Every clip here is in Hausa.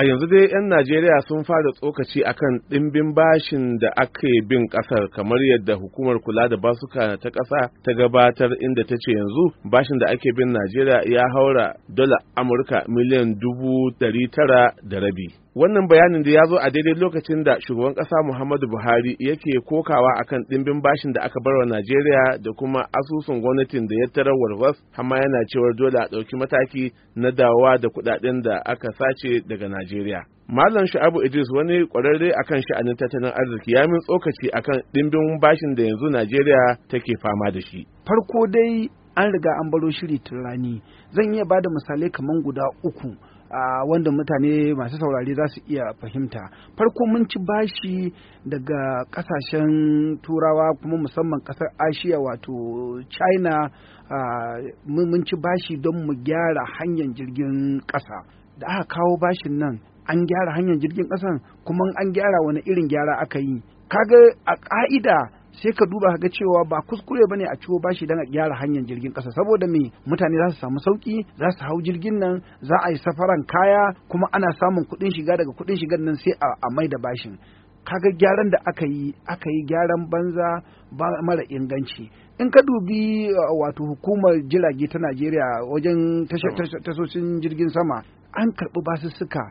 a yanzu dai 'yan najeriya sun fara tsokaci a kan ɗimbin bashin da ake bin ƙasar kamar yadda hukumar kula da basuka ta ƙasa ta gabatar inda ta ce yanzu bashin da ake bin najeriya ya haura dala amurka miliyan dubu dari tara da rabi wannan bayanin da ya zo a daidai lokacin da shugaban ƙasa muhammadu buhari yake kokawa akan ɗimbin bashin da aka bar wa najeriya da kuma asusun gwamnatin da ya tarar warwas amma yana cewar dole a ɗauki mataki na dawowa da kuɗaɗen da aka sace daga najeriya Malam Sha'abu Idris wani kwararre akan sha'anin tattalin arziki ya min tsokaci akan ɗimbin bashin da yanzu Najeriya take fama da shi. Farko dai an riga an baro shiri tun rani zan iya bada misalai kamar guda uku a wanda mutane masu saurare za su iya fahimta farko mun ci bashi daga kasashen turawa kuma musamman kasar ashiya wato china mun ci bashi don mu gyara hanyar jirgin kasa da aka kawo bashin nan an gyara hanyar jirgin kasan kuma an gyara wani irin gyara aka yi kaga a ka'ida sai ka duba ga cewa ba kuskure bane a ciwo bashi dan a gyara hanyar jirgin kasa saboda me mutane za su samu sauki za su hau jirgin nan za a yi safaran kaya kuma ana samun kuɗin shiga daga kuɗin shigar nan sai a mai da bashin kaga gyaran da aka yi aka yi gyaran banza ba mara inganci in ka dubi wato hukumar jirage ta najeriya wajen tasoshin jirgin sama an karɓi basussuka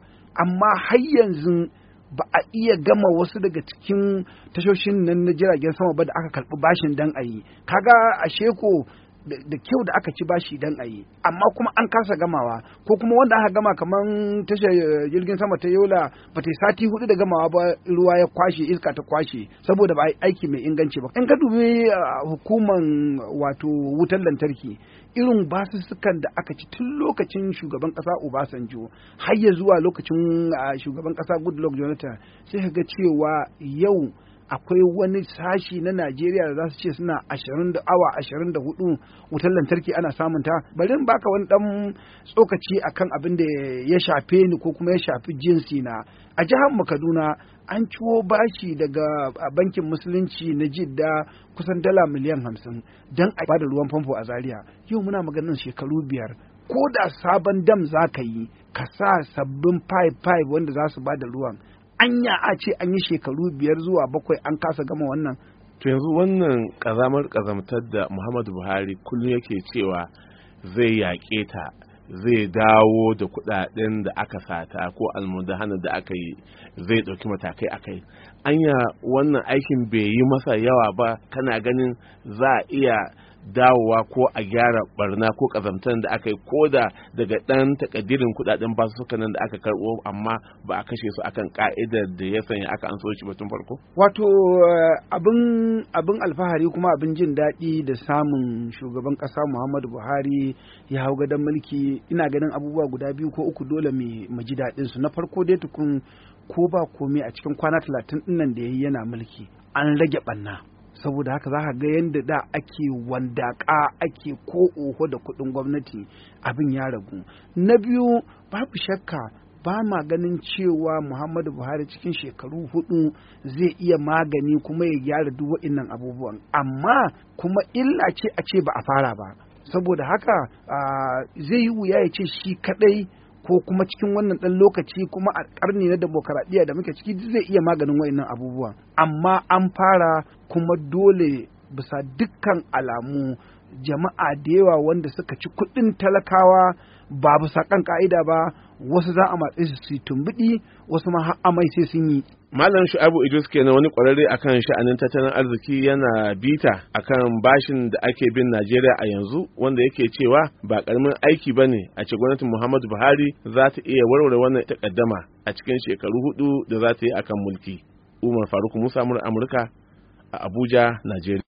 amma har yanzu ba a iya gama wasu daga cikin tashoshin nan na jiragen sama ba da aka karɓi bashin dan a yi kaga a sheko da kyau da aka ci bashi dan a yi amma kuma an kasa gamawa ko kuma wanda aka gama kamar tashar eh, jirgin sama ta yola ba ta sati hudu da gamawa ba ruwa ya kwashe iska ta kwashe saboda ba aiki mai inganci ba in ka dubi eh, hukuman wato wutar lantarki irin basussukan da aka ci tun lokacin shugaban kasa Obasanjo har ya zuwa lokacin eh, shugaban kasa Goodluck Jonathan sai ka ga cewa yau akwai wani sashi na Najeriya da za su ce suna ashirin da awa ashirin da hudu wutar lantarki ana samun ta bari in baka wani dan tsokaci akan abin da ya shafe ni ko kuma ya shafi jinsi na a jihar mu an ciwo bashi daga bankin musulunci na jidda kusan dala miliyan hamsin don a bada ruwan famfo a zaria yau muna maganin shekaru biyar ko da sabon dam za ka yi ka sa sabbin pipe pipe wanda za su bada ruwan anya a ce an yi shekaru biyar zuwa bakwai an kasa gama wannan to yanzu wannan kazamar kazamtar da muhammadu buhari kullum yake cewa zai yaƙe ta zai dawo da kudaden da aka sata ko almudahana da aka yi zai ɗauki matakai akai anya wannan aikin bai yi masa yawa ba kana ganin za a iya dawowa ko a gyara barna ko kazamtar da aka yi ko da daga ɗan takaddirin kuɗaɗen basussuka nan da aka karbo amma ba a kashe su akan ka'idar da ya sanya aka an soci ba farko? Wato eh, abin abin alfahari kuma abin jin daɗi da samun shugaban ƙasa Muhammadu Buhari ya hau gadon mulki ina ganin abubuwa guda biyu ko uku dole mu ji daɗin su na farko dai tukun ko ba komai a cikin kwana talatin ɗin nan da ya yi yana mulki an rage ɓanna. saboda haka za ka ga yadda da ake wandaƙa ake ko oho da kuɗin gwamnati abin ya ragu na biyu babu shakka ba ma ganin cewa muhammadu buhari cikin shekaru hudu zai iya magani kuma ya gyara duk waɗannan abubuwan amma kuma illa ce a ce ba a fara ba saboda haka ah, zai yi wuya ya ce shi kadai ko kuma cikin wannan ɗan lokaci kuma a ƙarni na demokaradiyya da muke ciki zai iya maganin wa'annan abubuwan amma an fara kuma dole bisa dukkan alamu jama'a da yawa wanda suka ci kuɗin talakawa ba bisa kan ka'ida ba wasu za a matse su su wasu ma har amai sai sun yi Malam Shu'abu Idris kenan wani kwararre akan sha'anin tattalin arziki yana bita akan bashin da ake bin Najeriya a yanzu wanda yake cewa ba karamin aiki ba ne a ce gwamnatin Muhammadu Buhari za ta iya warware wannan takaddama a cikin shekaru hudu da za ta yi akan mulki. Umar Faruk Musa Amurka a Abuja, Najeriya.